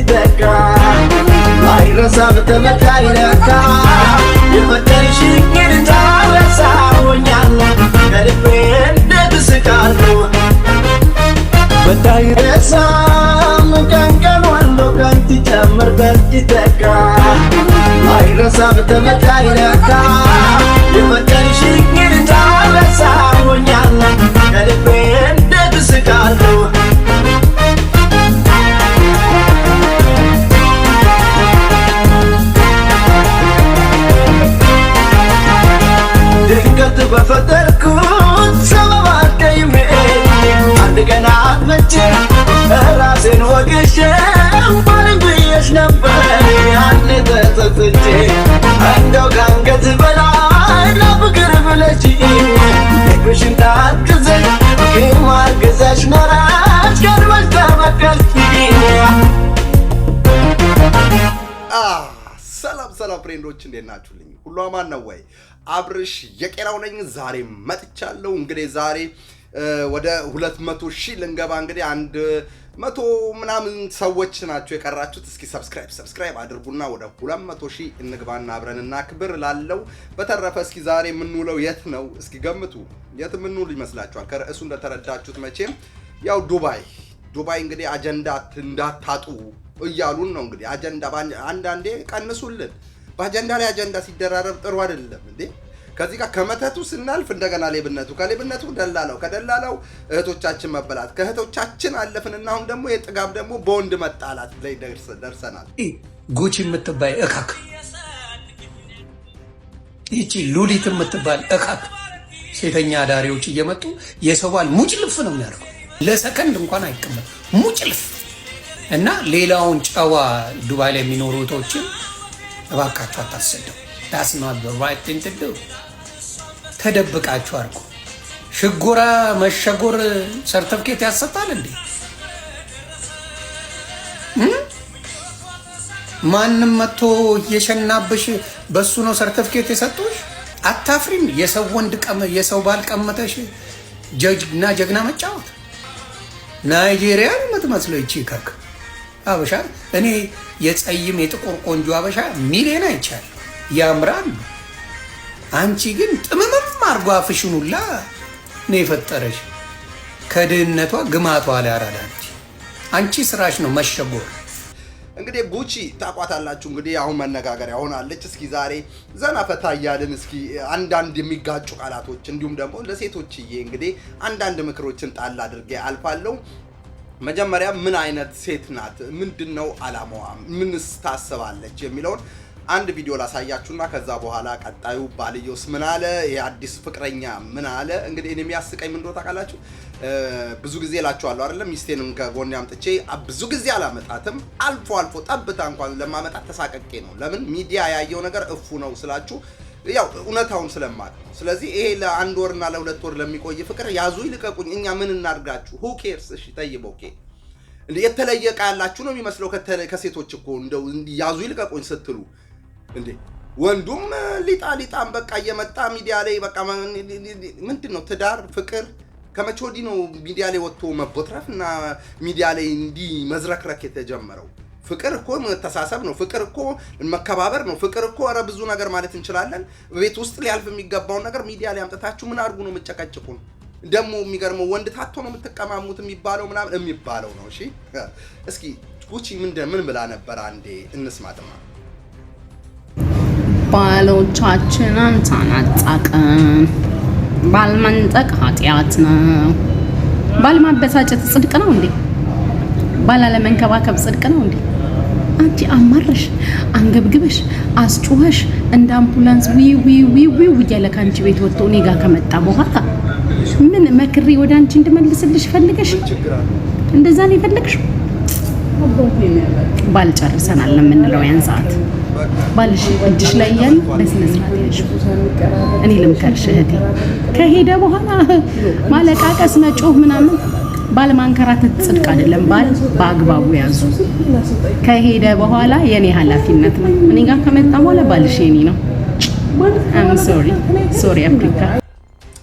ሲተካ አይረሳ በተመታ ይለካ የመጠንሽን ግንታ ረሳሆኛለሁ ከልቤ እንደትስቃለሁ በታይረሳም ቀንቀኑ አለው ቀን ትጨምርበት ይተካ አይረሳ በተመታ ይለካ የመጠንሽን ግንታ ረሳሆኛለሁ ከልቤ እንደትስቃለሁ ከብት በፈጠርኩት ሰበብ አትቀይሜ አንድ ቀን አጥምቼ ራሴን ወግሼ ባልም ብዬሽ ነበር ያኔ ተጸጽቼ ሰላም ፍሬንዶች እንዴት ናችሁልኝ? ሁሉ አማን ነው ወይ? አብርሽ የቄራው ነኝ። ዛሬ መጥቻለሁ። እንግዲህ ዛሬ ወደ 200 መቶ ሺህ ልንገባ እንግዲህ አንድ መቶ ምናምን ሰዎች ናቸው የቀራችሁት። እስኪ ሰብስክራይብ ሰብስክራይብ አድርጉና ወደ 200 መቶ ሺህ እንግባና አብረን እናክብር ላለው። በተረፈ እስኪ ዛሬ የምንውለው የት ነው? እስኪ ገምቱ። የት የምንውል ይመስላችኋል? ከርዕሱ እንደተረዳችሁት መቼም ያው ዱባይ ዱባይ እንግዲህ አጀንዳ እንዳታጡ እያሉን ነው። እንግዲህ አጀንዳ አንዳንዴ ቀንሱልን በአጀንዳ ላይ አጀንዳ ሲደራረብ ጥሩ አይደለም እንዴ? ከዚህ ጋር ከመተቱ ስናልፍ እንደገና ሌብነቱ፣ ከሌብነቱ ደላላው፣ ከደላላው እህቶቻችን መበላት፣ ከእህቶቻችን አለፍንና አሁን ደግሞ የጥጋብ ደግሞ በወንድ መጣላት ላይ ደርሰናል። ጉቺ የምትባይ እካክ ይቺ ሉሊት የምትባል እካክ ሴተኛ አዳሪዎች እየመጡ የሰዋል ልፍ ነው የሚያደርገው። ለሰከንድ እንኳን አይቀመጥ ልፍ እና ሌላውን ጨዋ ዱባይ ላይ የሚኖሩ እህቶችን እባካችሁ አታስደው። ዳስ ኖት ዘ ራይት ቲንግ ቱ ዱ። ተደብቃችሁ አድርጉ። ሽጎራ መሸጎር ሰርተፍኬት ያሰጣል እንዴ? ማንም መጥቶ የሸናብሽ በሱ ነው ሰርተፍኬት የሰጡሽ? አታፍሪም? የሰው ወንድ የሰው ባል ቀመተሽ ጀግና ጀግና መጫወት ናይጄሪያ የምትመስለው ይቺ ከክ አበሻ እኔ የጸይም የጥቁር ቆንጆ አበሻ ሚሊዮን አይቻል ያምራል። አንቺ ግን ጥምምም አርጎ አፍሽን ሁላ ነው የፈጠረሽ። ከድህነቷ ግማቷ ላይ አራዳች። አንቺ ስራሽ ነው መሸጎር። እንግዲህ ጉቺ ታቋታላችሁ። እንግዲህ አሁን መነጋገሪያ ሆናለች። እስኪ ዛሬ ዘና ፈታ እያልን እስኪ አንዳንድ የሚጋጩ ቃላቶች እንዲሁም ደግሞ ለሴቶችዬ እንግዲህ አንዳንድ ምክሮችን ጣል አድርጌ አልፋለሁ። መጀመሪያ ምን አይነት ሴት ናት? ምንድን ነው አላማዋ? ምንስ ታስባለች? የሚለውን አንድ ቪዲዮ ላሳያችሁና ከዛ በኋላ ቀጣዩ ባልዮስ ምን አለ፣ የአዲስ ፍቅረኛ ምን አለ። እንግዲህ እኔ የሚያስቀኝ ምን እንደሆነ ታውቃላችሁ? ብዙ ጊዜ እላችኋለሁ አይደለም፣ ሚስቴንም ከጎን አምጥቼ ብዙ ጊዜ አላመጣትም። አልፎ አልፎ ጠብታ እንኳን ለማመጣት ተሳቀቄ ነው። ለምን ሚዲያ ያየው ነገር እፉ ነው ስላችሁ ያው እውነታውን ስለማቅ ስለዚህ ይሄ ለአንድ ወርና ለሁለት ወር ለሚቆይ ፍቅር ያዙ ይልቀቁኝ፣ እኛ ምን እናድርጋችሁ? ሁ ኬርስ? እሺ ጠይብ ኦኬ። የተለየ ያላችሁ ነው የሚመስለው ከሴቶች እኮ እንደው ያዙ ይልቀቁኝ ስትሉ እንዴ ወንዱም ሊጣ ሊጣም በቃ እየመጣ ሚዲያ ላይ በቃ ምንድን ነው ትዳር ፍቅር ከመቼ ወዲህ ነው ሚዲያ ላይ ወጥቶ መቦትረፍ እና ሚዲያ ላይ እንዲህ መዝረክረክ የተጀመረው? ፍቅር እኮ መተሳሰብ ነው። ፍቅር እኮ መከባበር ነው። ፍቅር እኮ ኧረ ብዙ ነገር ማለት እንችላለን። ቤት ውስጥ ሊያልፍ የሚገባውን ነገር ሚዲያ ላይ አምጥታችሁ ምን አድርጉ ነው የምጨቀጭቁ ነው። ደግሞ የሚገርመው ወንድ ታቶ ነው የምትቀማሙት የሚባለው ምናምን የሚባለው ነው። እሺ እስኪ ጉቺ ምን ብላ ነበር? አንዴ እንስማትማ። ባሎቻችንን ታናጣቅም። ባልመንጠቅ ኃጢአት ነው። ባልማበሳጨት ጽድቅ ነው እንዴ? ባላለመንከባከብ ጽድቅ ነው እንዴ? አንቺ አማረሽ፣ አንገብግበሽ፣ አስጩኸሽ እንደ አምቡላንስ ዊ እያለ ከአንቺ ቤት ወጥቶ እኔ ጋር ከመጣ በኋላ ምን መክሬ ወደ አንቺ እንድመልስልሽ ፈልገሽ እንደዛ ነው የፈለግሽ? ባል ጨርሰናል ለምንለው ያን ሰዓት ባልሽ እጅሽ ላይ ያለ በስነ ስርዓት እኔ ልምከርሽ እህቴ፣ ከሄደ በኋላ ማለቃቀስ መጮህ ምናምን ባለማንከራተት ጽድቅ አይደለም። ባል በአግባቡ ያዙ። ከሄደ በኋላ የኔ ኃላፊነት ነው። እኔ ጋር ከመጣ በኋላ ባልሽ የኔ ነው። አም ሶሪ ሶሪ አፍሪካ።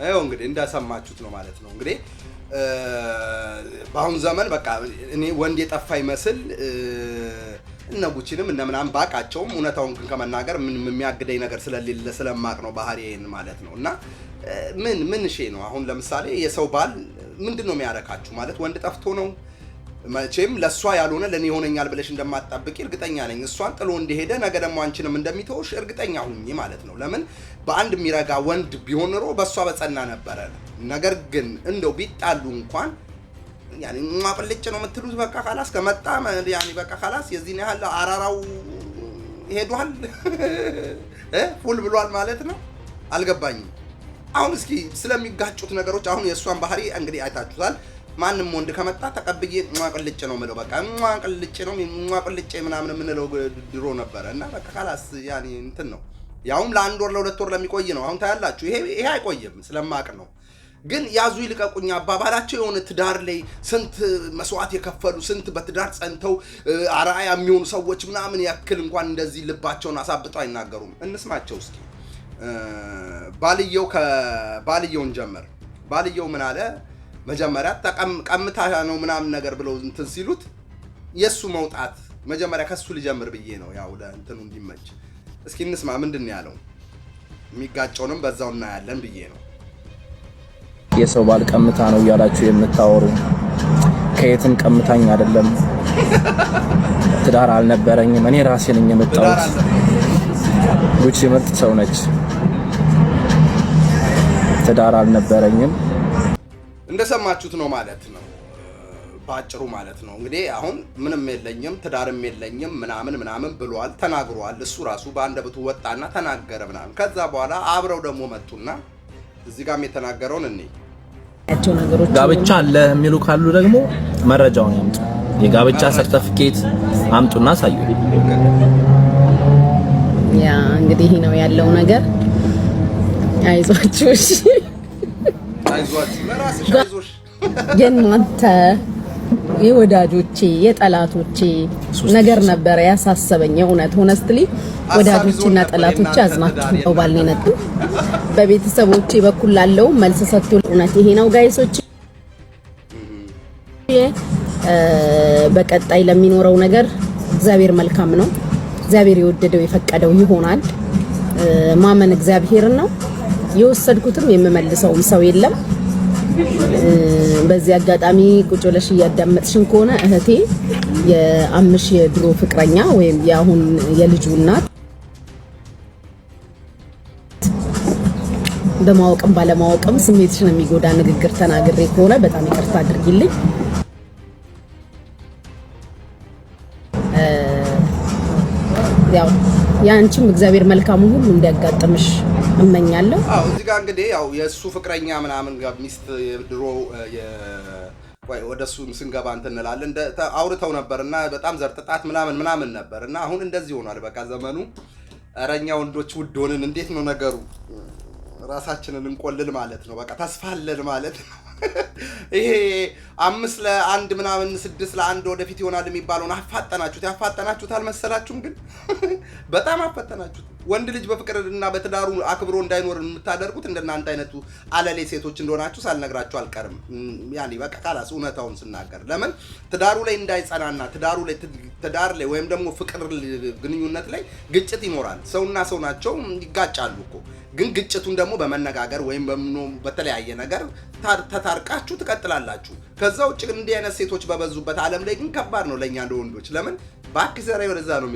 አዎ እንግዲህ እንዳሰማችሁት ነው ማለት ነው። እንግዲህ በአሁኑ ዘመን በቃ እኔ ወንድ የጠፋ ይመስል እነ ጉቺንም እነ ምናምን ባቃቸውም እውነታውን ግን ከመናገር ምን የሚያግደኝ ነገር ስለሌለ ስለማቅ ነው ባህሪዬን ማለት ነው። እና ምን ምን ሼ ነው አሁን ለምሳሌ የሰው ባል ምንድን ነው የሚያረካችሁ? ማለት ወንድ ጠፍቶ ነው? መቼም ለእሷ ያልሆነ ለእኔ ይሆነኛል ብለሽ እንደማትጠብቂ እርግጠኛ ነኝ። እሷን ጥሎ እንደሄደ ነገ ደግሞ አንቺንም እንደሚተውሽ እርግጠኛ ሁኝ ማለት ነው። ለምን በአንድ የሚረጋ ወንድ ቢሆን ኖሮ በእሷ በጸና ነበረ። ነገር ግን እንደው ቢጣሉ እንኳን ማቅልጭ ነው የምትሉት። በቃ ካላስ ከመጣ በቃ ካላስ የዚህን ያህል አራራው ሄዷል፣ ፉል ብሏል ማለት ነው። አልገባኝም። አሁን እስኪ ስለሚጋጩት ነገሮች አሁን የእሷን ባህሪ እንግዲህ አይታችሁታል። ማንም ወንድ ከመጣ ተቀብዬ ቅልጭ ነው ምለው፣ በቃ ቅልጭ ነው ቅልጭ ምናምን የምንለው ድሮ ነበረ እና በቃ ካላስ ያኔ እንትን ነው። ያውም ለአንድ ወር ለሁለት ወር ለሚቆይ ነው። አሁን ታያላችሁ፣ ይሄ አይቆይም ስለማቅ ነው። ግን ያዙ ይልቀቁኝ አባባላቸው የሆነ ትዳር ላይ ስንት መስዋዕት የከፈሉ ስንት በትዳር ጸንተው አርአያ የሚሆኑ ሰዎች ምናምን ያክል እንኳን እንደዚህ ልባቸውን አሳብጠው አይናገሩም። እንስማቸው እስኪ። ባልየው ከባልየውን ጀመር። ባልየው ምን አለ መጀመሪያ ቀምታ ነው ምናምን ነገር ብለው እንትን ሲሉት የእሱ መውጣት መጀመሪያ ከእሱ ልጀምር ብዬ ነው ያው ለእንትኑ እንዲመች። እስኪ እንስማ ምንድን ያለው። የሚጋጨውንም በዛው እናያለን ብዬ ነው። የሰው ባል ቀምታ ነው እያላችሁ የምታወሩ ከየትም ቀምታኝ አይደለም። ትዳር አልነበረኝም እኔ ራሴ ነኝ የመጣሁት። ጉቺ ምርጥ ሰው ነች። ትዳር አልነበረኝም። እንደሰማችሁት ነው ማለት ነው በአጭሩ ማለት ነው እንግዲህ አሁን ምንም የለኝም ትዳርም የለኝም ምናምን ምናምን ብሏል፣ ተናግሯል። እሱ ራሱ በአንደበቱ ወጣና ተናገረ ምናምን። ከዛ በኋላ አብረው ደግሞ መጡና እዚህ ጋም የተናገረውን እኔ ጋብቻ አለ የሚሉ ካሉ ደግሞ መረጃውን ያምጡ፣ የጋብቻ ሰርተፍኬት አምጡና አሳዩ። ያ እንግዲህ ነው ያለው ነገር። አይዟችሁ። እሺ የእናንተ የወዳጆቼ የጠላቶቼ ነገር ነበረ ያሳሰበኝ። እውነት ሆነስትሊ ወዳጆቼና ጠላቶቼ አዝናችሁ ነው ባልኔ ነጡ። በቤተሰቦቼ በኩል ላለው መልስ ሰጥቶ እውነት ይሄ ነው ጋይሶች። በቀጣይ ለሚኖረው ነገር እግዚአብሔር መልካም ነው። እግዚአብሔር የወደደው የፈቀደው ይሆናል። ማመን እግዚአብሔርን ነው። የወሰድኩትም የምመልሰውም ሰው የለም። በዚህ አጋጣሚ ቁጭ ብለሽ እያዳመጥሽን ከሆነ እህቴ የአምሽ የድሮ ፍቅረኛ ወይም የአሁን የልጁ እናት በማወቅም ባለማወቅም ስሜትሽን የሚጎዳ ንግግር ተናግሬ ከሆነ በጣም ይቅርታ አድርጊልኝ። ያው ያንቺም እግዚአብሔር መልካሙ ሁሉ እንዲያጋጥምሽ እመኛለሁ። አዎ እዚህ ጋር እንግዲህ ያው የእሱ ፍቅረኛ ምናምን ሚስት ድሮ ወደ እሱ ስንገባ እንትን እንላለን አውርተው ነበር እና በጣም ዘርጥጣት ምናምን ምናምን ነበር እና አሁን እንደዚህ ሆኗል። በቃ ዘመኑ እረኛ ወንዶች ውድ ሆንን። እንዴት ነው ነገሩ? ራሳችንን እንቆልል ማለት ነው። በቃ ተስፋ አለን ማለት ነው። ይሄ አምስት ለአንድ ምናምን ስድስት ለአንድ ወደፊት ይሆናል የሚባለውን አፋጠናችሁት። ያፋጠናችሁት አልመሰላችሁም? ግን በጣም አፋጠናችሁት። ወንድ ልጅ በፍቅር እና በትዳሩ አክብሮ እንዳይኖር የምታደርጉት እንደናንተ አይነቱ አለሌ ሴቶች እንደሆናችሁ ሳልነግራችሁ አልቀርም። ያኔ በቃ ካላስ እውነታውን ስናገር ለምን ትዳሩ ላይ እንዳይጸናና ትዳሩ ላይ ትዳር ላይ ወይም ደግሞ ፍቅር ግንኙነት ላይ ግጭት ይኖራል። ሰውና ሰው ናቸው፣ ይጋጫሉ እኮ ግን ግጭቱን ደግሞ በመነጋገር ወይም በተለያየ ነገር ተታርቃችሁ ትቀጥላላችሁ። ከዛ ውጭ እንዲህ አይነት ሴቶች በበዙበት ዓለም ላይ ግን ከባድ ነው ለእኛ ለወንዶች ለምን ባክ ዘራይ ወደዛ ነው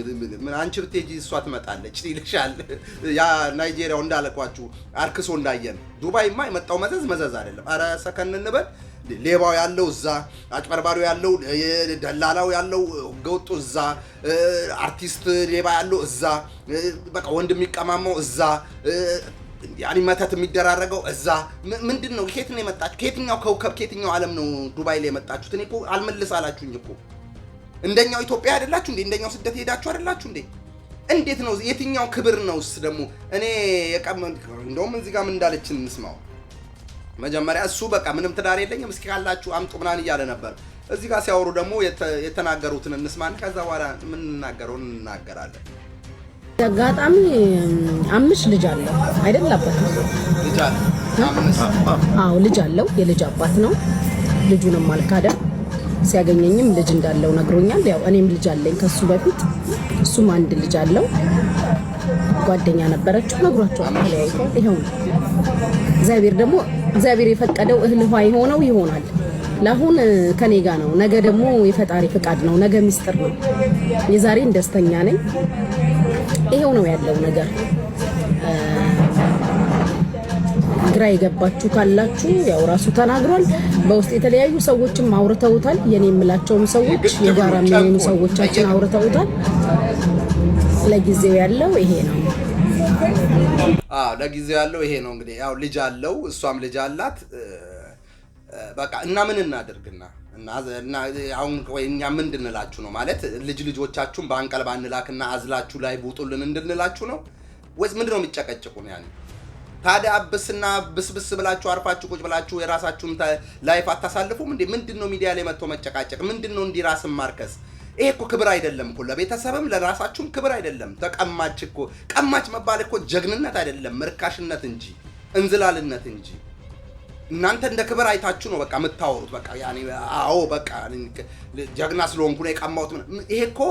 ምን አንቺ ብትሄጂ እሷ ትመጣለች ይልሻል። ያ ናይጄሪያው እንዳለኳችሁ አርክሶ እንዳየን ዱባይማ የመጣው መዘዝ መዘዝ አይደለም። ኧረ ሰከን እንበል። ሌባው ያለው እዛ፣ አጭበርባሪው ያለው፣ ደላላው ያለው፣ ህገወጡ እዛ፣ አርቲስት ሌባ ያለው እዛ፣ በቃ ወንድ የሚቀማመው እዛ፣ ያኔ መተት የሚደራረገው እዛ። ምንድን ነው? ከየት ነው የመጣችሁ? ከየትኛው ከውከብ ከየትኛው ዓለም ነው ዱባይ ላይ የመጣችሁት? እኔ እኮ አልመልስ አላችሁኝ እኮ እንደኛው ኢትዮጵያ አይደላችሁ እንዴ? እንደኛው ስደት ሄዳችሁ አይደላችሁ እንዴ? እንዴት ነው? የትኛው ክብር ነውስ ደግሞ? እኔ የቀመ እንደውም እዚህ ጋር ምን እንዳለችን እንስማው። መጀመሪያ እሱ በቃ ምንም ትዳር የለኝም እስኪ ካላችሁ አምጡ ምናምን እያለ ነበር። እዚህ ጋር ሲያወሩ ደግሞ የተናገሩትን እንስማን፣ ከዛ በኋላ የምንናገረውን እንናገራለን። አጋጣሚ አምስት ልጅ አለው አይደል? አባት ልጅ አለው። አዎ ልጅ አለው። የልጅ አባት ነው። ልጁንም አልካደም ሲያገኘኝም ልጅ እንዳለው ነግሮኛል። ያው እኔም ልጅ አለኝ ከሱ በፊት እሱም አንድ ልጅ አለው። ጓደኛ ነበረችው ነግሯቸዋል። ተለያይተው ይኸው እግዚአብሔር ደግሞ እግዚአብሔር የፈቀደው እህል ውሃ የሆነው ይሆናል። ለአሁን ከኔ ጋ ነው። ነገ ደግሞ የፈጣሪ ፍቃድ ነው። ነገ ሚስጥር ነው። የዛሬን ደስተኛ ነኝ። ይሄው ነው ያለው ነገር። ግራ የገባችሁ ካላችሁ ያው ራሱ ተናግሯል። በውስጥ የተለያዩ ሰዎችም አውርተውታል። የኔ የምላቸውም ሰዎች የጋራ የሚሆኑ ሰዎቻችን አውርተውታል። ለጊዜው ያለው ይሄ ነው። አዎ ለጊዜው ያለው ይሄ ነው። እንግዲህ ያው ልጅ አለው፣ እሷም ልጅ አላት። በቃ እና ምን እናደርግና እና አሁን ወይ እኛ ምን እንድንላችሁ ነው ማለት ልጅ ልጆቻችሁን በአንቀልባ እንላክና አዝላችሁ ላይ ቡጡልን እንድንላችሁ ነው ወይስ ምንድነው የሚጨቀጭቁን ያኔ ታዲያ አብስና ብስብስ ብላችሁ አርፋችሁ ቁጭ ብላችሁ የራሳችሁን ላይፍ አታሳልፉም እንዴ? ምንድን ነው ሚዲያ ላይ መጥቶ መጨቃጨቅ? ምንድን ነው እንዲህ ራስን ማርከስ? ይሄ እኮ ክብር አይደለም እኮ ለቤተሰብም ለራሳችሁም ክብር አይደለም። ተቀማች እኮ ቀማች መባል እኮ ጀግንነት አይደለም፣ ምርካሽነት እንጂ እንዝላልነት እንጂ እናንተ እንደ ክብር አይታችሁ ነው በቃ የምታወሩት። በቃ ያኔ አዎ በቃ ጀግና ስለሆንኩ ነው የቀማሁት። ይሄ እኮ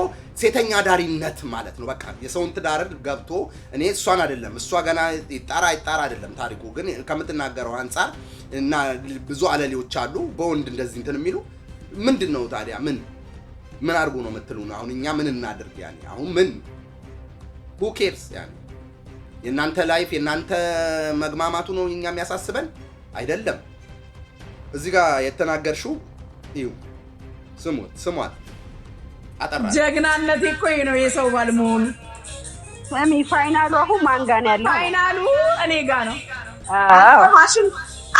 ሴተኛ ዳሪነት ማለት ነው። በቃ የሰውን ትዳር ገብቶ እኔ እሷን አይደለም እሷ ገና ይጣራ ይጣራ አይደለም ታሪኩ፣ ግን ከምትናገረው አንጻር እና ብዙ አለሌዎች አሉ በወንድ እንደዚህ እንትን የሚሉ ምንድን ነው ታዲያ? ምን ምን አድርጎ ነው የምትሉን? አሁን እኛ ምን እናድርግ? ያኔ አሁን ምን ሁኬርስ ያኔ የእናንተ ላይፍ የእናንተ መግማማቱ ነው እኛ የሚያሳስበን። አይደለም። እዚህ ጋር የተናገርሽው ይሁ ስሙት፣ ስሟት። አጠራ ጀግናነት እኮ ነው የሰው ባል መሆኑ። ስሚ፣ ፋይናሉ አሁን ማን ጋር ነው ያለው? ፋይናሉ እኔ ጋ ነው። አልሰማሽም?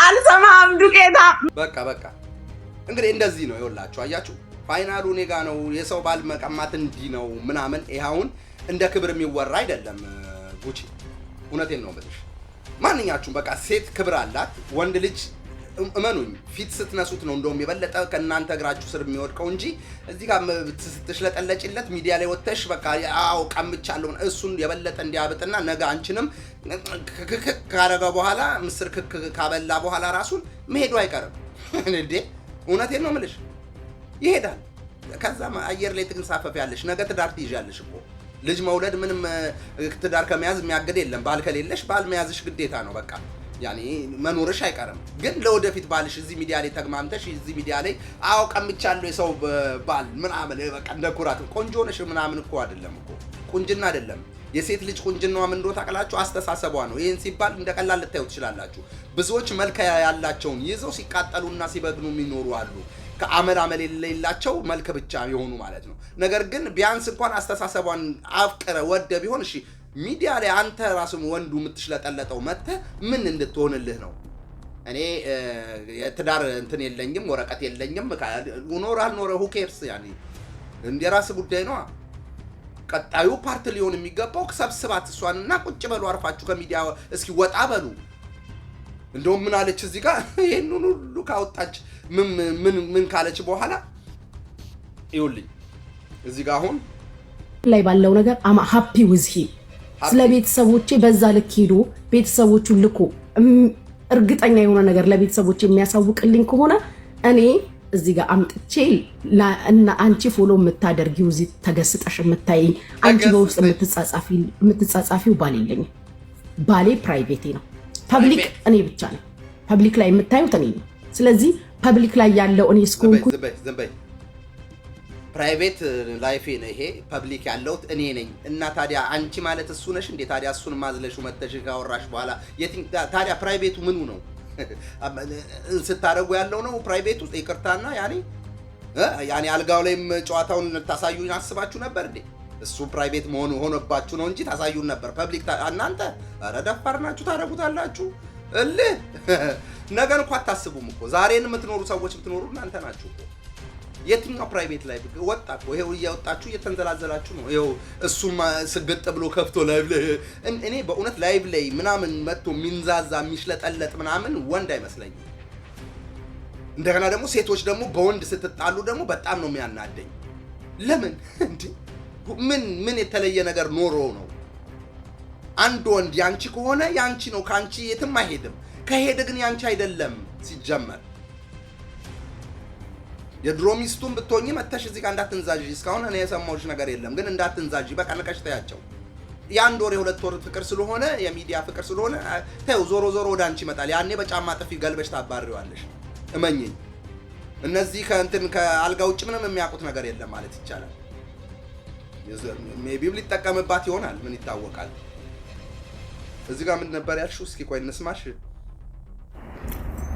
አልሰማም ዱቄታ። በቃ በቃ። እንግዲህ እንደዚህ ነው ይኸውላችሁ፣ አያችሁ ፋይናሉ እኔ ጋ ነው። የሰው ባል መቀማት እንዲህ ነው ምናምን። ይሄ አሁን እንደ ክብር የሚወራ አይደለም። ጉቺ እውነቴን ነው የምልሽ ማንኛችሁም በቃ ሴት ክብር አላት። ወንድ ልጅ እመኑኝ ፊት ስትነሱት ነው እንደውም የበለጠ ከእናንተ እግራችሁ ስር የሚወድቀው እንጂ እዚህ ጋር ስትሽለጠለጭለት ሚዲያ ላይ ወጥተሽ በቃ አዎ ቀምቻለሁ እሱን የበለጠ እንዲያብጥና ነገ አንቺንም ክክክ ካረገ በኋላ ምስር ክክ ካበላ በኋላ ራሱን መሄዱ አይቀርም። እንዴ እውነቴን ነው ምልሽ ይሄዳል። ከዛም አየር ላይ ትንሳፈፊያለሽ። ነገ ትዳር ትይዣለሽ እኮ ልጅ መውለድ ምንም ትዳር ከመያዝ የሚያገድ የለም። ባል ከሌለሽ ባል መያዝሽ ግዴታ ነው። በቃ ያኔ መኖርሽ አይቀርም። ግን ለወደፊት ባልሽ እዚህ ሚዲያ ላይ ተግማምተሽ እዚህ ሚዲያ ላይ አዎ ቀምቻለሁ የሰው ባል ምናምን በቃ እንደ ኩራት ቆንጆ ነሽ ምናምን እኮ አይደለም እኮ ቁንጅና አይደለም። የሴት ልጅ ቁንጅናዋ ምን እንደሆነ ታውቃላችሁ? አስተሳሰቧ ነው። ይህን ሲባል እንደ ቀላል ልታዩ ትችላላችሁ። ብዙዎች መልክ ያላቸውን ይዘው ሲቃጠሉና ሲበግኑ የሚኖሩ አሉ። ከአመል አመል የሌላቸው መልክ ብቻ የሆኑ ማለት ነው። ነገር ግን ቢያንስ እንኳን አስተሳሰቧን አፍቅረ ወደ ቢሆን እሺ፣ ሚዲያ ላይ አንተ ራስም ወንዱ የምትሽለጠለጠው መጥተህ ምን እንድትሆንልህ ነው? እኔ የትዳር እንትን የለኝም ወረቀት የለኝም። ኖረ አልኖረ ሁኬርስ ያኔ እንደ ራስ ጉዳይ ነዋ። ቀጣዩ ፓርት ሊሆን የሚገባው ሰብስባት እሷን እና ቁጭ በሉ አርፋችሁ ከሚዲያ እስኪ ወጣ በሉ። እንደውም ምን አለች እዚህ ጋር ይህንን ሁሉ ካወጣች ምን ምን ካለች በኋላ ይኸውልኝ እዚህ ጋር አሁን ላይ ባለው ነገር አማ ሀፒ ውዝ ሂም ስለ ቤተሰቦቼ በዛ ልክ ሄዶ ቤተሰቦቹን ልኮ እርግጠኛ የሆነ ነገር ለቤተሰቦች የሚያሳውቅልኝ ከሆነ እኔ እዚህ ጋር አምጥቼ አንቺ ፎሎ የምታደርጊው እዚህ ተገስጠሽ የምታይኝ አንቺ በውስጥ የምትጻጻፊው ባል የለኝም። ባሌ ፕራይቬቴ ነው። ፐብሊክ እኔ ብቻ ነው። ፐብሊክ ላይ የምታዩት እኔ ነው። ስለዚህ ፐብሊክ ላይ ያለው እኔ እስከሆንኩ ፕራይቬት ላይፌ ነው ይሄ። ፐብሊክ ያለሁት እኔ ነኝ። እና ታዲያ አንቺ ማለት እሱ ነሽ እንዴ? ታዲያ እሱን ማዝለሹ መተሽ ካወራሽ በኋላ ታዲያ ፕራይቬቱ ምኑ ነው ስታደርጉ ያለው ነው ፕራይቬቱ። ይቅርታና ያኔ ያኔ አልጋው ላይም ጨዋታውን ታሳዩ አስባችሁ ነበር እንዴ? እሱ ፕራይቬት መሆኑ ሆኖባችሁ ነው እንጂ ታሳዩን ነበር። ፐብሊክ እናንተ ኧረ ደፋር ናችሁ፣ ታደርጉታላችሁ እልህ ነገን እኮ አታስቡም እኮ ዛሬን የምትኖሩ ሰዎች ብትኖሩ እናንተ ናችሁ እኮ። የትኛው ፕራይቬት ላይ ወጣ እኮ ይሄው እያወጣችሁ እየተንዘላዘላችሁ ነው። ይኸው እሱም ስግጥ ብሎ ከፍቶ ላይቭ ላይ እኔ በእውነት ላይቭ ላይ ምናምን መጥቶ የሚንዛዛ የሚሽለጠለጥ ምናምን ወንድ አይመስለኝም። እንደገና ደግሞ ሴቶች ደግሞ በወንድ ስትጣሉ ደግሞ በጣም ነው የሚያናደኝ። ለምን ምን ምን የተለየ ነገር ኖሮ ነው? አንድ ወንድ ያንቺ ከሆነ ያንቺ ነው፣ ከአንቺ የትም አይሄድም። ከሄደ ግን ያንቺ አይደለም። ሲጀመር የድሮ ሚስቱን ብትሆኚ መተሽ እዚህ ጋር እንዳትንዛዥ። እስካሁን እኔ የሰማሁሽ ነገር የለም፣ ግን እንዳትንዛዥ። በቃ ንቀሽ ተያቸው። የአንድ ወር የሁለት ወር ፍቅር ስለሆነ የሚዲያ ፍቅር ስለሆነ ተይው። ዞሮ ዞሮ ወደ አንቺ ይመጣል። ያኔ በጫማ ጥፊ ገልበሽ ታባሪዋለሽ። እመኝኝ። እነዚህ ከእንትን ከአልጋ ውጭ ምንም የሚያውቁት ነገር የለም ማለት ይቻላል። ሜይ ሊጠቀምባት ይሆናል። ምን ይታወቃል? እዚህ ጋር ምን ነበር ያልሽው? እስኪ ቆይ እንስማሽ።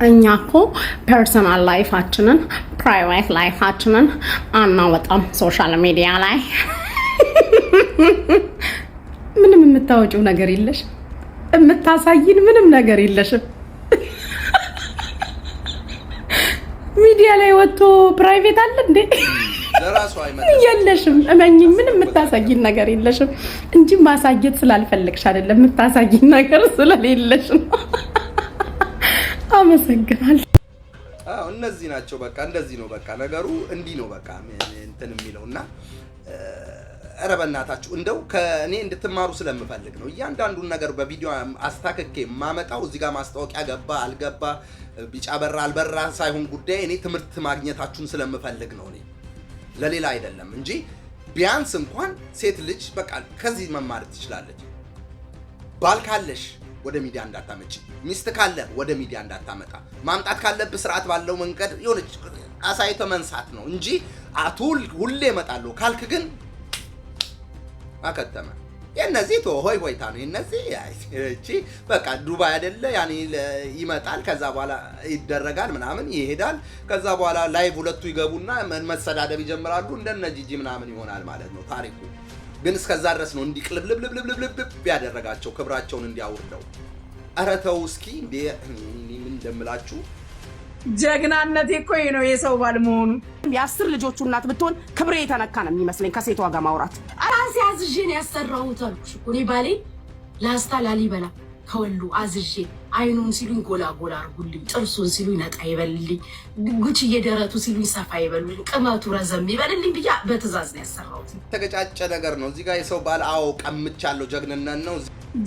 እኛ እኮ ፐርሰናል ላይፋችንን ፕራይቬት ላይፋችንን አናወጣም ሶሻል ሚዲያ ላይ። ምንም የምታወጪው ነገር የለሽ፣ የምታሳይን ምንም ነገር የለሽም። ሚዲያ ላይ ወጥቶ ፕራይቬት አለ እንዴ? የለሽም፣ እመኝ ምንም የምታሳይን ነገር የለሽም እንጂ ማሳየት ስላልፈለግሽ አይደለም፣ የምታሳይን ነገር ስለሌለሽ ነው። አመሰግናለሁ። እነዚህ ናቸው። በቃ እንደዚህ ነው። በቃ ነገሩ እንዲህ ነው። በቃ እንትን የሚለው እና ኧረ በእናታችሁ እንደው ከእኔ እንድትማሩ ስለምፈልግ ነው እያንዳንዱን ነገር በቪዲዮ አስታክኬ የማመጣው። እዚህ ጋር ማስታወቂያ ገባ አልገባ፣ ቢጫ በራ አልበራ ሳይሆን ጉዳይ እኔ ትምህርት ማግኘታችሁን ስለምፈልግ ነው እኔ ለሌላ አይደለም እንጂ ቢያንስ እንኳን ሴት ልጅ በቃ ከዚህ መማር ትችላለች። ባል ካለሽ ወደ ሚዲያ እንዳታመጪ፣ ሚስት ካለ ወደ ሚዲያ እንዳታመጣ። ማምጣት ካለብህ ስርዓት ባለው መንገድ የሆነች አሳይቶ መንሳት ነው እንጂ አቱ ሁሌ እመጣለሁ ካልክ ግን አከተመ። የነዚህ ቶ ሆይ ሆይታ ነው። የነዚህ እቺ በቃ ዱባይ አይደለ ያኔ ይመጣል። ከዛ በኋላ ይደረጋል ምናምን ይሄዳል። ከዛ በኋላ ላይቭ ሁለቱ ይገቡና መሰዳደብ ይጀምራሉ። እንደነ ጂጂ ምናምን ይሆናል ማለት ነው ታሪኩ። ግን እስከዛ ድረስ ነው እንዲህ ቅልብልብልብልብልብ ያደረጋቸው ክብራቸውን እንዲያውርደው። ኧረ ተው እስኪ እንደምላችሁ ጀግናነቴ እኮ ነው የሰው ባል መሆኑ። የአስር ልጆቹ እናት ብትሆን ክብሬ የተነካ ነው የሚመስለኝ ከሴቷ ጋር ማውራት። ራሴ አዝዤን ያሰራሁታችሁ እኔ ባሌ ላስታ ላሊበላ ከወሎ አዝዤ አይኑን ሲሉኝ ጎላ ጎላ አርጉልኝ፣ ጥርሱን ሲሉኝ ነጣ ይበልልኝ፣ ጉች እየደረቱ ሲሉኝ ሰፋ ይበሉልኝ፣ ቅመቱ ረዘም ይበልልኝ ብያ በትእዛዝ ነው ያሰራሁት። ተገጫጨ ነገር ነው እዚህ ጋር የሰው ባል። አዎ ቀምቻለሁ። ጀግንነት ነው።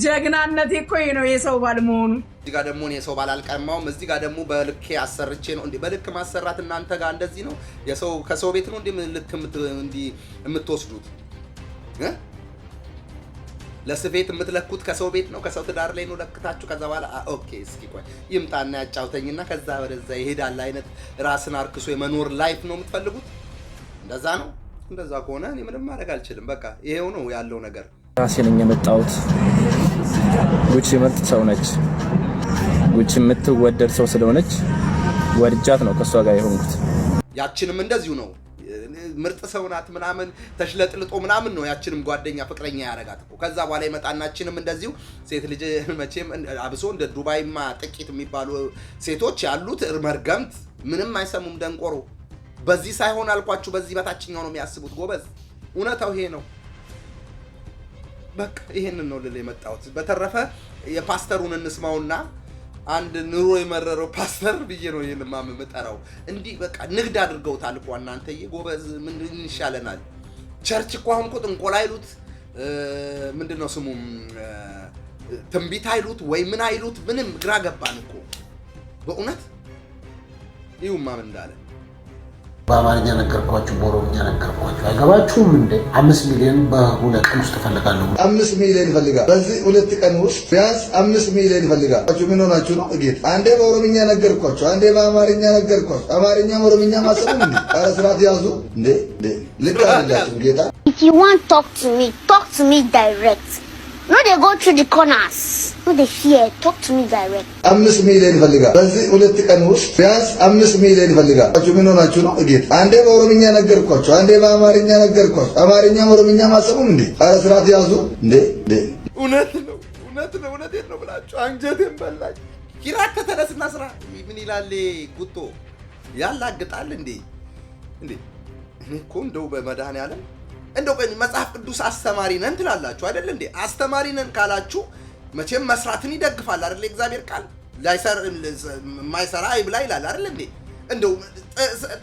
ጀግናነት እኮ ነው የሰው ባል መሆኑ። እዚህ ጋር ደግሞ የሰው ባል አልቀማውም። እዚህ ጋር ደግሞ በልኬ አሰርቼ ነው እንዲህ በልክ ማሰራት። እናንተ ጋር እንደዚህ ነው የሰው ከሰው ቤት ነው እንዲህ ልክ የምትወስዱት ለስፌት የምትለኩት ከሰው ቤት ነው፣ ከሰው ትዳር ላይ ነው ለክታችሁ። ከዛ በኋላ ኦኬ እስኪ ቆይ ይምጣና ያጫውተኝና ከዛ ወደዛ ይሄዳል አይነት ራስን አርክሶ የመኖር ላይፍ ነው የምትፈልጉት። እንደዛ ነው። እንደዛ ከሆነ እኔ ምንም ማድረግ አልችልም። በቃ ይሄው ነው ያለው ነገር። ራሴ ነኝ የመጣሁት። ጉቺ ምርጥ ሰው ነች። ጉቺ የምትወደድ ሰው ስለሆነች ወድጃት ነው ከእሷ ጋር የሆንኩት። ያችንም እንደዚሁ ነው ምርጥ ሰው ናት ምናምን ተሽለጥልጦ ምናምን ነው ያችንም ጓደኛ ፍቅረኛ ያረጋት እኮ። ከዛ በኋላ የመጣናችንም እንደዚሁ ሴት ልጅ መቼም አብሶ እንደ ዱባይማ ጥቂት የሚባሉ ሴቶች ያሉት መርገምት ምንም አይሰሙም ደንቆሮ። በዚህ ሳይሆን አልኳችሁ፣ በዚህ በታችኛው ነው የሚያስቡት ጎበዝ። እውነታው ይሄ ነው። በቃ ይሄንን ነው ልል የመጣሁት። በተረፈ የፓስተሩን እንስማውና አንድ ኑሮ የመረረው ፓስተር ብዬ ነው ይህን ማም የምጠራው። እንዲህ በቃ ንግድ አድርገውታል እኮ እናንተዬ፣ ጎበዝ ምን ይሻለናል? ቸርች እኮ አሁን እኮ ጥንቆላ አይሉት ምንድን ነው ስሙም፣ ትንቢት አይሉት ወይ ምን አይሉት፣ ምንም ግራ ገባን እኮ በእውነት ይሁማ ምን እንዳለን በአማርኛ ነገርኳችሁ፣ በኦሮምኛ ነገርኳችሁ። አይገባችሁም እንደ አምስት ሚሊዮን በሁለት ቀን ውስጥ እፈልጋለሁ። አምስት ሚሊዮን ይፈልጋል። በዚህ ሁለት ቀን ውስጥ ቢያንስ አምስት ሚሊዮን ይፈልጋል። ምን ሆናችሁ ነው? እጌት አንዴ በኦሮምኛ ነገርኳችሁ፣ አንዴ በአማርኛ ነገርኳችሁ። አማርኛም ኦሮምኛ ማሰብ ኧረ ስርዓት ያዙ እንዴ! ልክ አይደላችሁም ጌታ ኖ ዴ ጎ ቱ ዲ ኮርነርስ ኖ ዴ ሂር ቶክ ቱ ሚ ዳይሬክት። አምስት ሚሊዮን ይፈልጋል። በዚህ ሁለት ቀን ውስጥ ቢያንስ አምስት ሚሊዮን ይፈልጋል። ምን ሆናችሁ ነው? እጌት አንዴ በኦሮምኛ ነገርኳቸው፣ አንዴ በአማርኛ ነገርኳቸው። አማርኛ ኦሮምኛ ማሰቡም እንዴ! ኧረ ስርዓት ያዙ እንዴ! እውነት ነው እውነት ነው እውነቴን ነው ብላችሁ አንጀቴን በላች። ኪራክ ከተነስና ስራ ምን ይላል ጉቶ ያላግጣል እንዴ እንዴ! እኔ እኮ እንደው በመድኃኔዓለም እንደው መጽሐፍ ቅዱስ አስተማሪ ነን ትላላችሁ አይደል እንዴ? አስተማሪ ነን ካላችሁ መቼም መስራትን ይደግፋል አይደል? እግዚአብሔር ቃል የማይሰራ አይብላ ይላል አይደል እንዴ? እንደው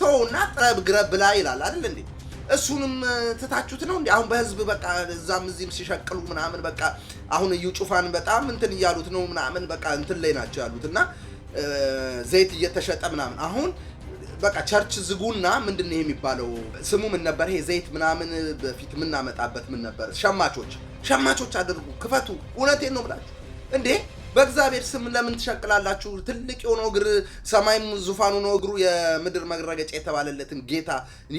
ተውና ጥረብ ግረብ ብላ ይላል አይደል እንዴ? እሱንም ትታችሁት ነው እንዴ? አሁን በህዝብ በቃ እዛም እዚህም ሲሸቅሉ ምናምን በቃ አሁን እዩ ጩፋን በጣም እንትን እያሉት ነው ምናምን በቃ እንትን ላይ ናቸው ያሉት እና ዘይት እየተሸጠ ምናምን አሁን በቃ ቸርች ዝጉና ምንድን ነው የሚባለው ስሙ ምን ነበር? ይሄ ዘይት ምናምን በፊት የምናመጣበት ምን ነበር? ሸማቾች ሸማቾች አድርጉ፣ ክፈቱ። እውነቴን ነው ብላችሁ እንዴ በእግዚአብሔር ስም ለምን ትሸቅላላችሁ? ትልቅ የሆነው እግር ሰማይም ዙፋኑ ነው እግሩ የምድር መረገጫ የተባለለትን ጌታ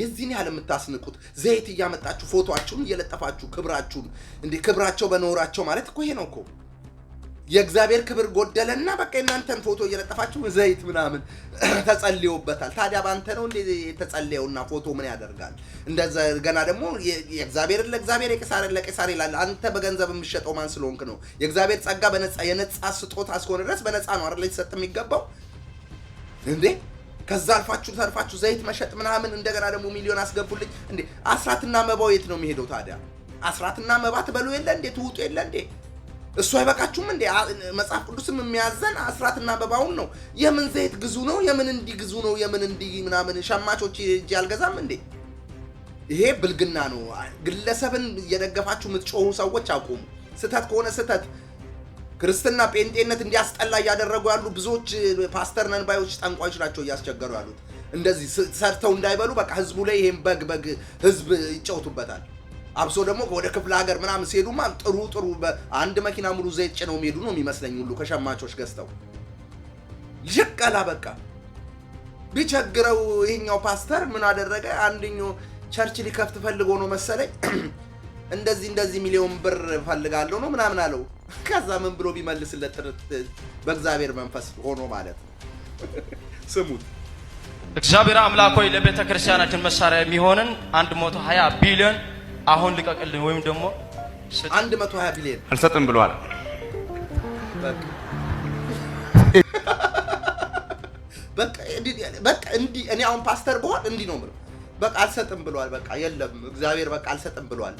የዚህን ያህል የምታስንቁት ዘይት እያመጣችሁ ፎቶአችሁን እየለጠፋችሁ ክብራችሁን እንዴ ክብራቸው በኖራቸው ማለት እኮ ይሄ ነው እኮ የእግዚአብሔር ክብር ጎደለና በቃ የእናንተን ፎቶ እየለጠፋችሁ ዘይት ምናምን ተጸልዮበታል። ታዲያ ባንተ ነው እንዴ የተጸለየውና ፎቶ ምን ያደርጋል? እንደዚ ገና ደግሞ የእግዚአብሔርን ለእግዚአብሔር የቄሳርን ለቄሳር ይላል። አንተ በገንዘብ የምሸጠው ማን ስለሆንክ ነው? የእግዚአብሔር ጸጋ በነጻ የነጻ ስጦታ እስከሆነ ድረስ በነጻ ነው አይደል ሊሰጥ የሚገባው እንዴ? ከዛ አልፋችሁ ተርፋችሁ ዘይት መሸጥ ምናምን እንደገና ደግሞ ሚሊዮን አስገቡልኝ እንዴ? አስራትና መባው የት ነው የሚሄደው ታዲያ? አስራትና መባ ትበሉ የለ እንዴ? ትውጡ የለ እንዴ? እሱ አይበቃችሁም እንዴ? መጽሐፍ ቅዱስም የሚያዘን አስራትና በባውን ነው። የምን ዘይት ግዙ ነው፣ የምን እንዲ ግዙ ነው፣ የምን እንዲ ምናምን ሸማቾች እጅ አልገዛም እንዴ? ይሄ ብልግና ነው። ግለሰብን እየደገፋችሁ የምትጮሁ ሰዎች አቁሙ። ስህተት ከሆነ ስህተት ክርስትና ጴንጤነት እንዲያስጠላ እያደረጉ ያሉ ብዙዎች ፓስተር ነንባዮች ጠንቋዮች ናቸው እያስቸገሩ ያሉት። እንደዚህ ሰርተው እንዳይበሉ በቃ ህዝቡ ላይ ይሄን በግ በግ ህዝብ ይጫወቱበታል አብሶ ደግሞ ወደ ክፍለ ሀገር ምናምን ሲሄዱማ ጥሩ ጥሩ አንድ መኪና ሙሉ ዘይት ጭነው የሚሄዱ ነው የሚመስለኝ ሁሉ ከሸማቾች ገዝተው ይሸቀላ በቃ ቢቸግረው ይሄኛው ፓስተር ምን አደረገ? አንደኛው ቸርች ሊከፍት ፈልጎ ነው መሰለኝ እንደዚህ እንደዚህ ሚሊዮን ብር ፈልጋለሁ ነው ምናምን አለው። ከዛ ምን ብሎ ቢመልስለት በእግዚአብሔር መንፈስ ሆኖ ማለት ነው። ስሙት። እግዚአብሔር አምላክ ሆይ ለቤተ ክርስቲያናችን መሳሪያ የሚሆንን 120 ቢሊዮን አሁን ልቀቅልን ወይም ደግሞ አንድ መቶ ሀያ ቢሊዮን አልሰጥም ብሏል። በቃ እንዲህ እኔ አሁን ፓስተር ብሆን እንዲህ ነው የምልህ። በቃ አልሰጥም ብሏል። በቃ የለም እግዚአብሔር በቃ አልሰጥም ብሏል።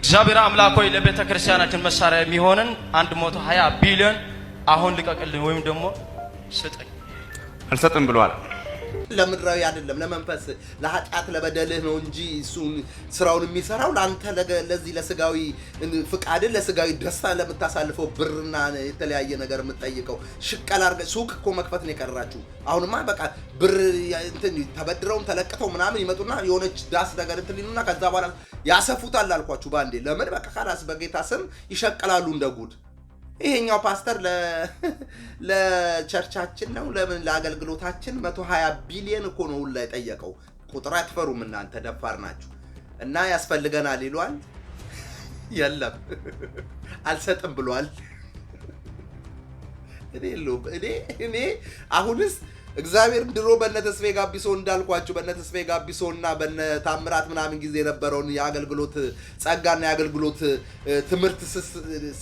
እግዚአብሔር አምላክ ሆይ ለቤተ ክርስቲያናችን መሳሪያ የሚሆንን 120 ቢሊዮን አሁን ልቀቅልን ወይም ደግሞ ስጠኝ አልሰጥም ብሏል። ለምድራዊ አይደለም፣ ለመንፈስ ለኃጢአት ለበደልህ ነው እንጂ እሱን ስራውን የሚሰራው ለአንተ ለዚህ ለስጋዊ ፍቃድን ለስጋዊ ደስታ ለምታሳልፈው ብርና የተለያየ ነገር የምጠይቀው ሽቀል አርገ ሱቅ እኮ መክፈት ነው የቀራችሁ። አሁንማ በቃ ብር ተበድረውም ተለቅተው ምናምን ይመጡና የሆነች ዳስ ነገር እንትን ይሉና ከዛ በኋላ ያሰፉታል አልኳችሁ። ባንዴ ለምን በቃ ካላስ በጌታ ስም ይሸቀላሉ እንደ ጉድ። ይሄኛው ፓስተር ለቸርቻችን ነው ለምን ለአገልግሎታችን 120 ቢሊየን እኮ ነው ሁላ የጠየቀው። ቁጥር አትፈሩም እናንተ ደፋር ናችሁ እና ያስፈልገናል ይሏል። የለም አልሰጥም ብሏል። እኔ እኔ አሁንስ እግዚአብሔር ድሮ በነ ተስፋዬ ጋቢሶ እንዳልኳችሁ በነ ተስፋዬ ጋቢሶ እና በነ ታምራት ምናምን ጊዜ የነበረውን የአገልግሎት ጸጋና የአገልግሎት ትምህርት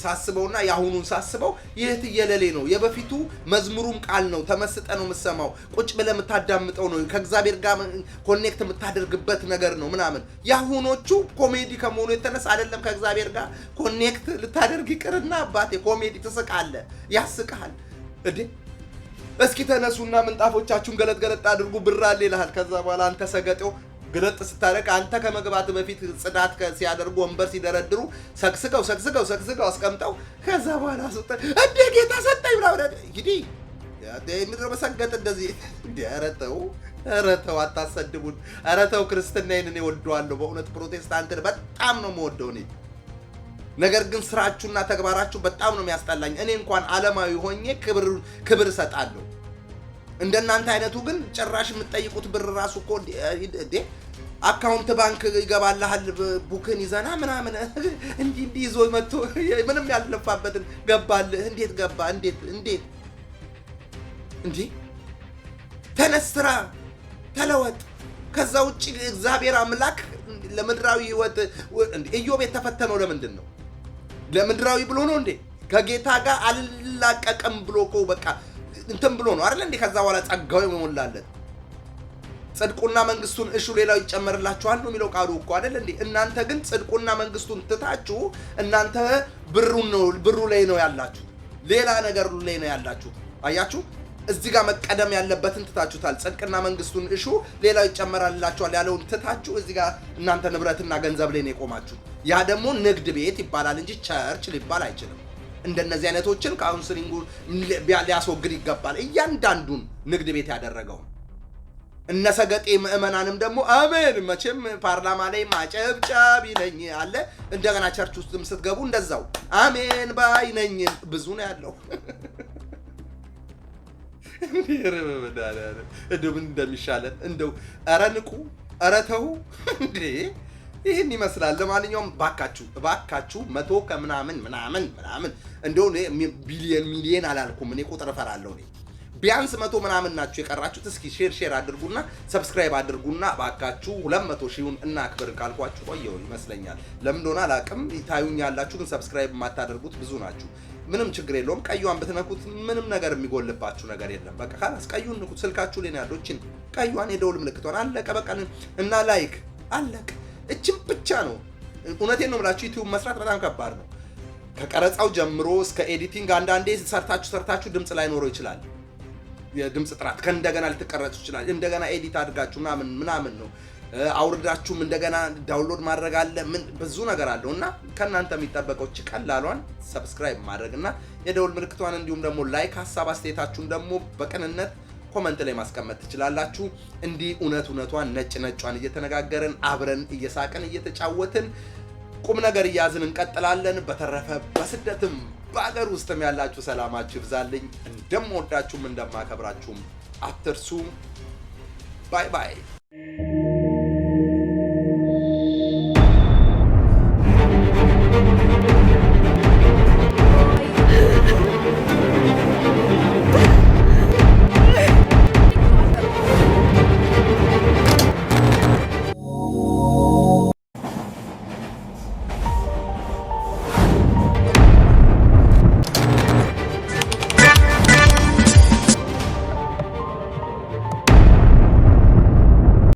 ሳስበውና የአሁኑን ሳስበው ይህ ትየለሌ ነው። የበፊቱ መዝሙሩም ቃል ነው። ተመስጠ ነው የምትሰማው፣ ቁጭ ብለህ የምታዳምጠው ነው፣ ከእግዚአብሔር ጋር ኮኔክት የምታደርግበት ነገር ነው ምናምን። የአሁኖቹ ኮሜዲ ከመሆኑ የተነሳ አይደለም ከእግዚአብሔር ጋር ኮኔክት ልታደርግ ይቅርና አባቴ ኮሜዲ ትስቃለህ፣ ያስቃል እንዴ እስኪ ተነሱና ምንጣፎቻችሁን ገለጥ ገለጥ አድርጉ ብራል ይልሃል። ከዛ በኋላ አንተ ሰገጤው ግለጥ ስታደርግ አንተ ከመግባት በፊት ጽዳት ሲያደርጉ ወንበር ሲደረድሩ ሰግስገው ሰግስገው ሰግስገው አስቀምጠው ከዛ በኋላ ስጠ እንደ ጌታ ሰጠኝ ብላ እንግዲህ ምድረ በሰገጥ እንደዚህ ኧረ ተው ኧረ ተው አታሰድቡን። ኧረ ተው ክርስትናዬን እኔ ወደዋለሁ በእውነት ፕሮቴስታንትን በጣም ነው የምወደው እኔ። ነገር ግን ስራችሁና ተግባራችሁ በጣም ነው የሚያስጠላኝ። እኔ እንኳን አለማዊ ሆኜ ክብር እሰጣለሁ እንደናንተ አይነቱ ግን ጭራሽ የምትጠይቁት ብር ራሱ እኮ አካውንት ባንክ ይገባልሃል ቡክን ይዘና ምናምን እንዲህ እንዲህ ይዞ መጥቶ ምንም ያልለፋበትን ገባልህ። እንዴት ገባ? እንዴት እንዴት እንዲህ ተነስራ ተለወጥ። ከዛ ውጭ እግዚአብሔር አምላክ ለምድራዊ ህይወት ኢዮብ የተፈተነው ለምንድን ነው? ለምድራዊ ብሎ ነው እንዴ? ከጌታ ጋር አልላቀቅም ብሎ እኮ በቃ እንትን ብሎ ነው አይደል እንዴ? ከዛ በኋላ ጸጋው የሞላለት ጽድቁና መንግስቱን እሹ ሌላው ይጨመርላችኋል ነው የሚለው ቃሉ እኮ አይደል እንዴ? እናንተ ግን ጽድቁና መንግስቱን ትታችሁ እናንተ ብሩ ነው ብሩ ላይ ነው ያላችሁ፣ ሌላ ነገር ላይ ነው ያላችሁ። አያችሁ እዚህ ጋር መቀደም ያለበትን ትታችሁታል። ጽድቅና መንግስቱን እሹ ሌላው ይጨመራላችኋል ያለውን ትታችሁ እዚህ ጋር እናንተ ንብረትና ገንዘብ ላይ ነው የቆማችሁ። ያ ደግሞ ንግድ ቤት ይባላል እንጂ ቸርች ሊባል አይችልም። እንደነዚህ አይነቶችን ካውንስሊንጉ ሊያስወግድ ይገባል። እያንዳንዱን ንግድ ቤት ያደረገውን እነሰገጤ ምዕመናንም ደግሞ አሜን። መቼም ፓርላማ ላይ ማጨብጨብ ይነኝ አለ። እንደገና ቸርች ውስጥም ስትገቡ እንደዛው አሜን ባይ ነኝ። ብዙ ነው ያለው። እንደው ምን እንደሚሻለን እንደው ኧረ ንቁ፣ ኧረ ተው እንዴ! ይህን ይመስላል። ለማንኛውም ባካችሁ ባካችሁ መቶ ከምናምን ምናምን ምናምን እንደው ቢሊየን ሚሊየን አላልኩም እኔ ቁጥር እፈራለሁ እኔ ቢያንስ መቶ ምናምን ናችሁ የቀራችሁት። እስኪ ሼር ሼር አድርጉና ሰብስክራይብ አድርጉና ባካችሁ ሁለት መቶ ሺውን እናክብር ካልኳችሁ ቆየው ይመስለኛል። ለምን እንደሆነ አላውቅም። ታዩኝ ያላችሁ ግን ሰብስክራይብ የማታደርጉት ብዙ ናችሁ። ምንም ችግር የለውም። ቀዩን ብትነኩት ምንም ነገር የሚጎልባችሁ ነገር የለም። በቃ ካላስ ቀዩን ንኩት። ስልካችሁ ላይ ያለችን ቀዩን የደውል ምልክቷን አለቀ። በቃ እና ላይክ አለቀ። እችም ብቻ ነው። እውነቴን ነው የምላችሁ ዩቲዩብ መስራት በጣም ከባድ ነው። ከቀረጻው ጀምሮ እስከ ኤዲቲንግ፣ አንዳንዴ ሰርታችሁ ሰርታችሁ ድምፅ ላይኖረው ይችላል። የድምፅ ጥራት ከእንደገና ልትቀረጹ ይችላል። እንደገና ኤዲት አድርጋችሁ ምናምን ምናምን ነው አውርዳችሁም እንደገና ዳውንሎድ ማድረግ አለ። ምን ብዙ ነገር አለው እና ከእናንተ የሚጠበቀው እች ቀላሏን ሰብስክራይብ ማድረግ እና የደውል ምልክቷን እንዲሁም ደግሞ ላይክ፣ ሀሳብ አስተያየታችሁን ደግሞ በቅንነት ኮመንት ላይ ማስቀመጥ ትችላላችሁ። እንዲህ እውነት እውነቷን ነጭ ነጯን እየተነጋገርን አብረን እየሳቅን እየተጫወትን ቁም ነገር እያዝን እንቀጥላለን። በተረፈ በስደትም በአገር ውስጥም ያላችሁ ሰላማችሁ ይብዛልኝ። እንደምወዳችሁም እንደማከብራችሁም አትርሱ። ባይ ባይ።